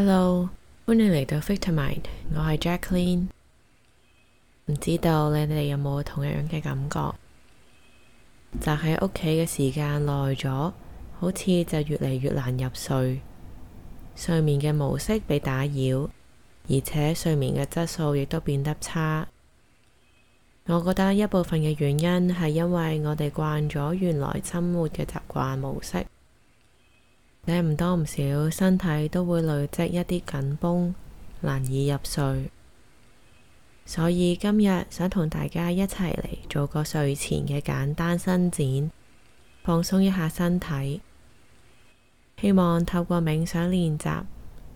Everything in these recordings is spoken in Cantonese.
Hello，歡迎嚟到 Vitamind，我係 Jaclyn。唔知道你哋有冇同樣嘅感覺？宅喺屋企嘅時間耐咗，好似就越嚟越難入睡，睡眠嘅模式被打擾，而且睡眠嘅質素亦都變得差。我覺得一部分嘅原因係因為我哋慣咗原來生活嘅習慣模式。或者唔多唔少，身體都會累積一啲緊繃，難以入睡。所以今日想同大家一齊嚟做個睡前嘅簡單伸展，放鬆一下身體。希望透過冥想練習，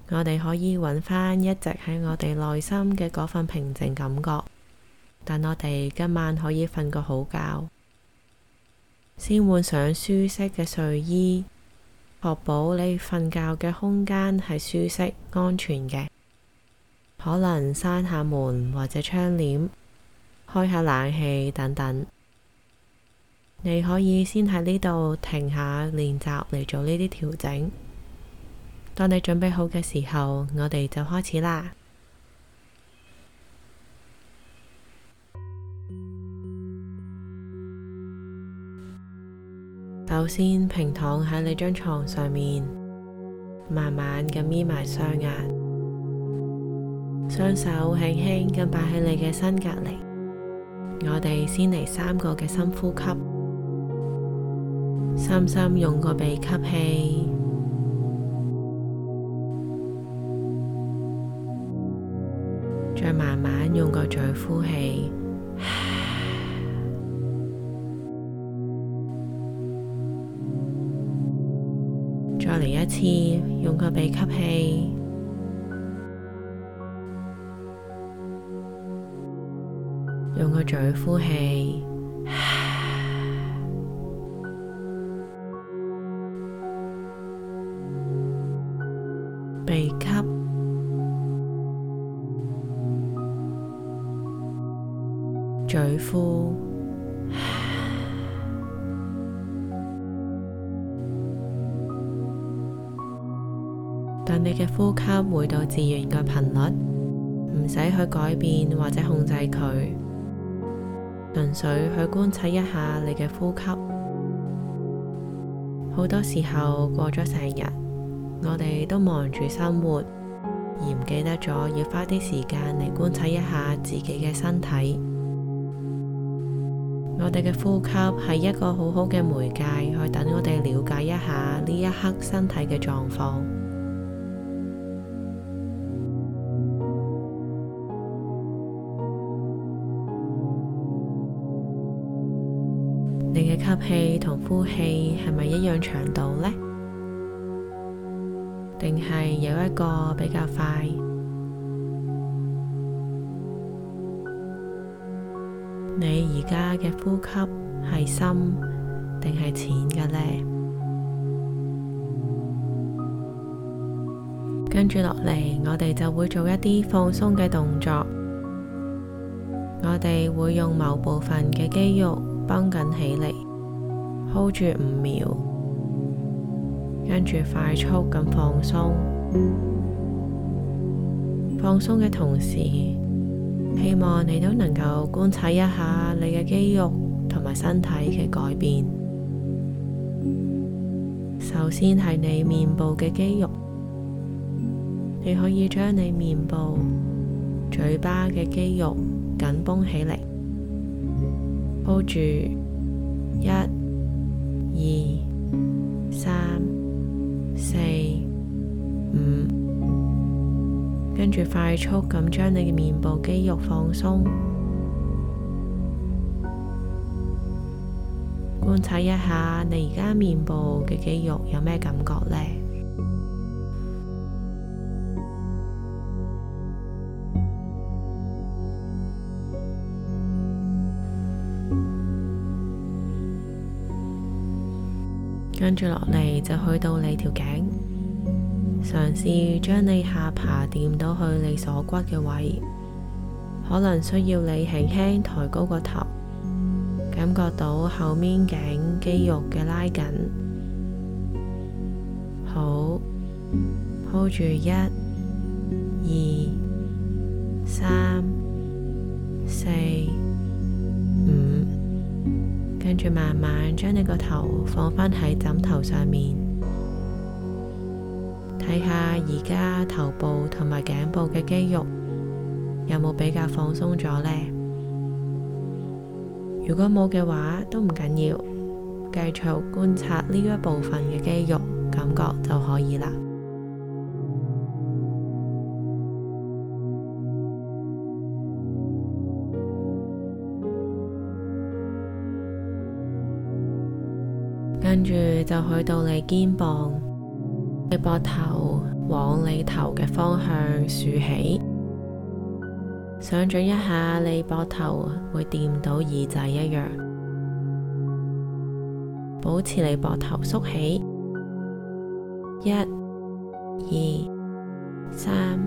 我哋可以搵翻一直喺我哋內心嘅嗰份平靜感覺，等我哋今晚可以瞓個好覺，先換上舒適嘅睡衣。確保你瞓覺嘅空間係舒適、安全嘅，可能閂下門或者窗簾，開下冷氣等等。你可以先喺呢度停下練習嚟做呢啲調整。當你準備好嘅時候，我哋就開始啦。首先平躺喺你張床上面，慢慢咁眯埋雙眼，雙手輕輕咁擺喺你嘅身隔離。我哋先嚟三個嘅深呼吸，深深用個鼻吸氣，再慢慢用個嘴呼氣。用個鼻吸氣，用個嘴呼氣，鼻吸，嘴呼。你嘅呼吸回到自然嘅頻率，唔使去改變或者控制佢，純粹去觀察一下你嘅呼吸。好多時候過咗成日，我哋都忙住生活而唔記得咗要花啲時間嚟觀察一下自己嘅身體。我哋嘅呼吸係一個好好嘅媒介，去等我哋了解一下呢一刻身體嘅狀況。氣同呼氣係咪一樣長度呢？定係有一個比較快？你而家嘅呼吸係深定係淺嘅呢？跟住落嚟，我哋就會做一啲放鬆嘅動作。我哋會用某部分嘅肌肉繃緊起嚟。Hold 住五秒，跟住快速咁放鬆。放鬆嘅同時，希望你都能夠觀察一下你嘅肌肉同埋身體嘅改變。Mm hmm. 首先係你面部嘅肌肉，你可以將你面部、嘴巴嘅肌肉緊繃起嚟，Hold 住一、二、三、四、五，跟住快速咁將你嘅面部肌肉放鬆，觀察一下你而家面部嘅肌肉有咩感覺呢？跟住落嚟就去到你條頸，嘗試將你下巴掂到去你鎖骨嘅位，可能需要你輕輕抬高個頭，感覺到後面頸肌肉嘅拉緊，好，hold 住一、二、三、四。跟住慢慢將你個頭放返喺枕頭上面，睇下而家頭部同埋頸部嘅肌肉有冇比較放鬆咗呢？如果冇嘅話，都唔緊要，繼續觀察呢一部分嘅肌肉感覺就可以啦。就去到你肩膀，你膊頭往你頭嘅方向豎起，想象一下你膊頭會掂到耳仔一樣，保持你膊頭縮起，一、二、三、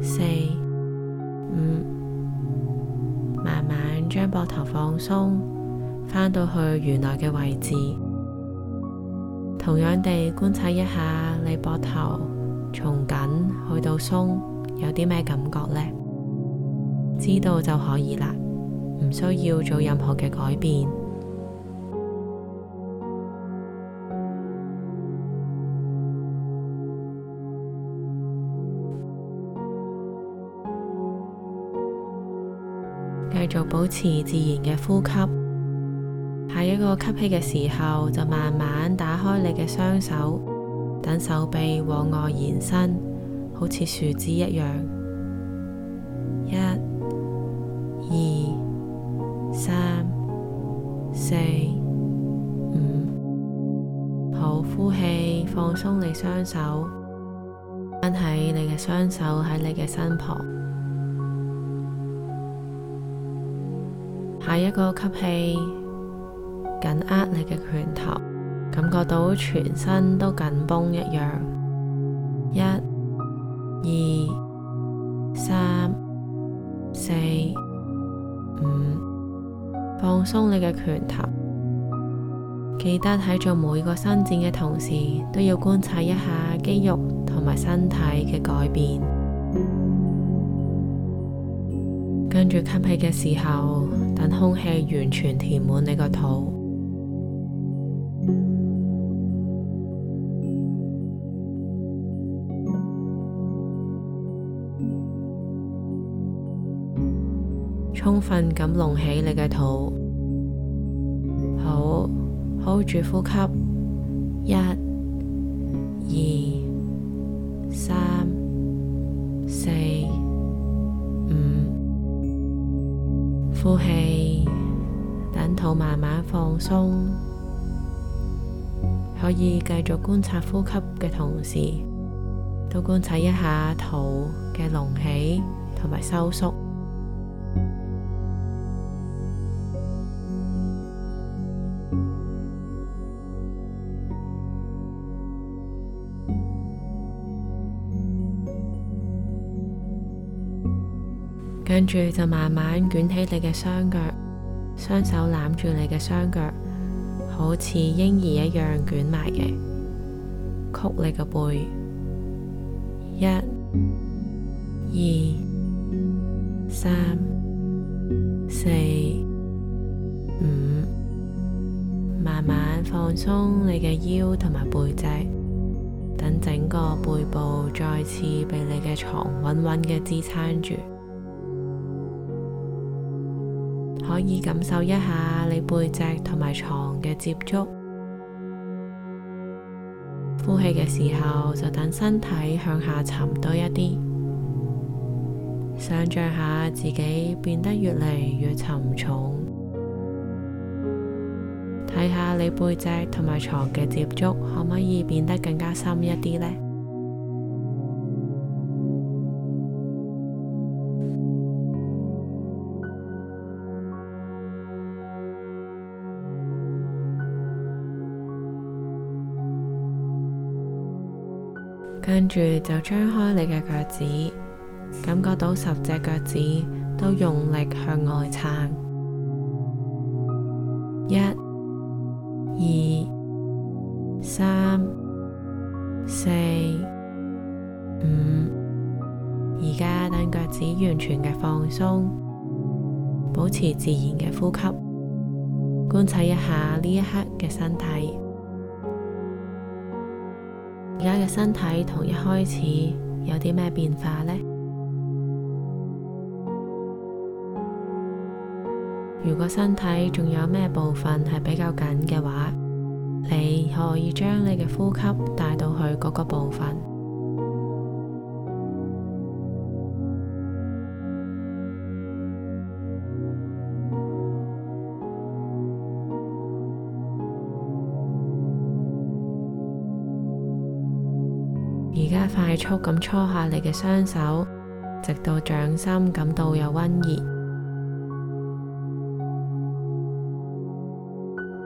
四、五，慢慢將膊頭放鬆，返到去原來嘅位置。同樣地，觀察一下你膊頭從緊去到鬆，有啲咩感覺呢？知道就可以啦，唔需要做任何嘅改變。繼續保持自然嘅呼吸。下一個吸氣嘅時候，就慢慢打開你嘅雙手，等手臂往外延伸，好似樹枝一樣。一、二、三、四、五，好，呼氣，放鬆你雙手，翻起你嘅雙手喺你嘅身旁。下一個吸氣。緊握你嘅拳頭，感覺到全身都緊繃一樣。一、二、三、四、五，放鬆你嘅拳頭。記得喺做每個伸展嘅同時，都要觀察一下肌肉同埋身體嘅改變。跟住吸氣嘅時候，等空氣完全填滿你個肚子。充分咁隆起你嘅肚，好，hold 住呼吸，一、二、三、四、五，呼氣，等肚慢慢放鬆，可以繼續觀察呼吸嘅同時，都觀察一下肚嘅隆起同埋收縮。跟住就慢慢捲起你嘅雙腳，雙手攬住你嘅雙腳，好似嬰兒一樣捲埋嘅，曲你嘅背，一、二、三、四、五，慢慢放鬆你嘅腰同埋背脊，等整個背部再次被你嘅床穩穩嘅支撐住。可以感受一下你背脊同埋床嘅接觸，呼氣嘅時候就等身體向下沉多一啲，想象下自己變得越嚟越沉重，睇下你背脊同埋床嘅接觸可唔可以變得更加深一啲呢？跟住就張開你嘅腳趾，感覺到十隻腳趾都用力向外撐。一、二、三、四、五。而家等腳趾完全嘅放鬆，保持自然嘅呼吸，觀察一下呢一刻嘅身體。而家嘅身體同一開始有啲咩變化呢？如果身體仲有咩部分係比較緊嘅話，你可以將你嘅呼吸帶到去嗰個部分。而家快速咁搓下你嘅雙手，直到掌心感到有溫熱。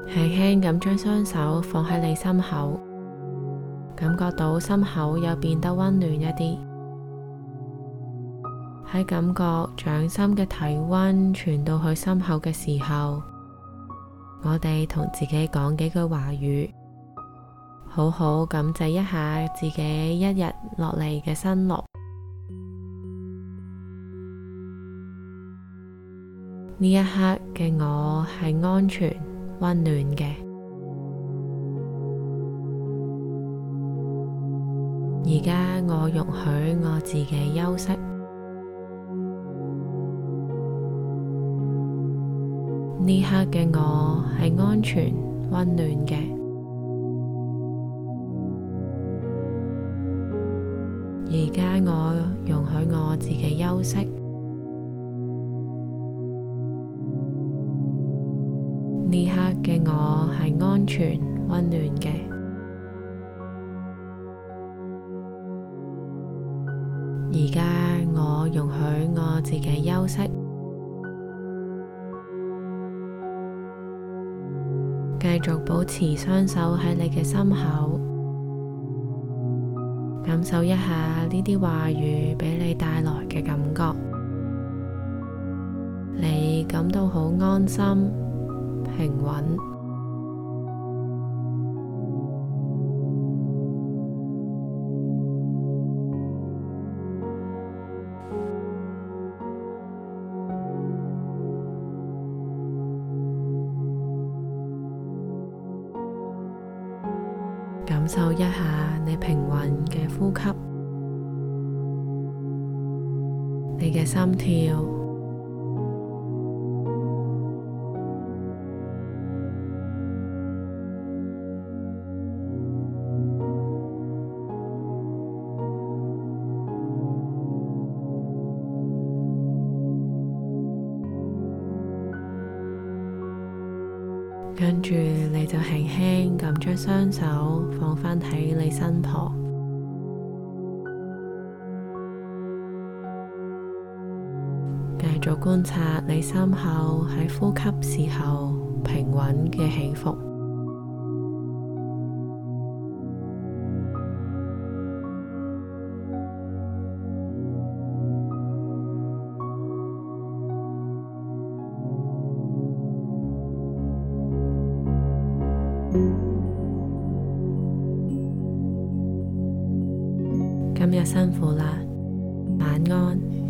輕輕咁將雙手放喺你心口，感覺到心口又變得溫暖一啲。喺感覺掌心嘅體溫傳到去心口嘅時候，我哋同自己講幾句話語。好好感謝一下自己一日落嚟嘅辛勞。呢一刻嘅我係安全溫暖嘅。而家我容許我自己休息。呢一刻嘅我係安全溫暖嘅。休息。呢刻嘅我係安全、溫暖嘅。而家我容許我自己休息，繼續保持雙手喺你嘅心口。感受一下呢啲話語俾你帶來嘅感覺，你感到好安心、平穩。感受一下你平穩嘅呼吸，你嘅心跳。跟住你就輕輕咁將雙手放返喺你身旁，繼續 觀察你心口喺呼吸時候平穩嘅起伏。今日辛苦啦，晚安。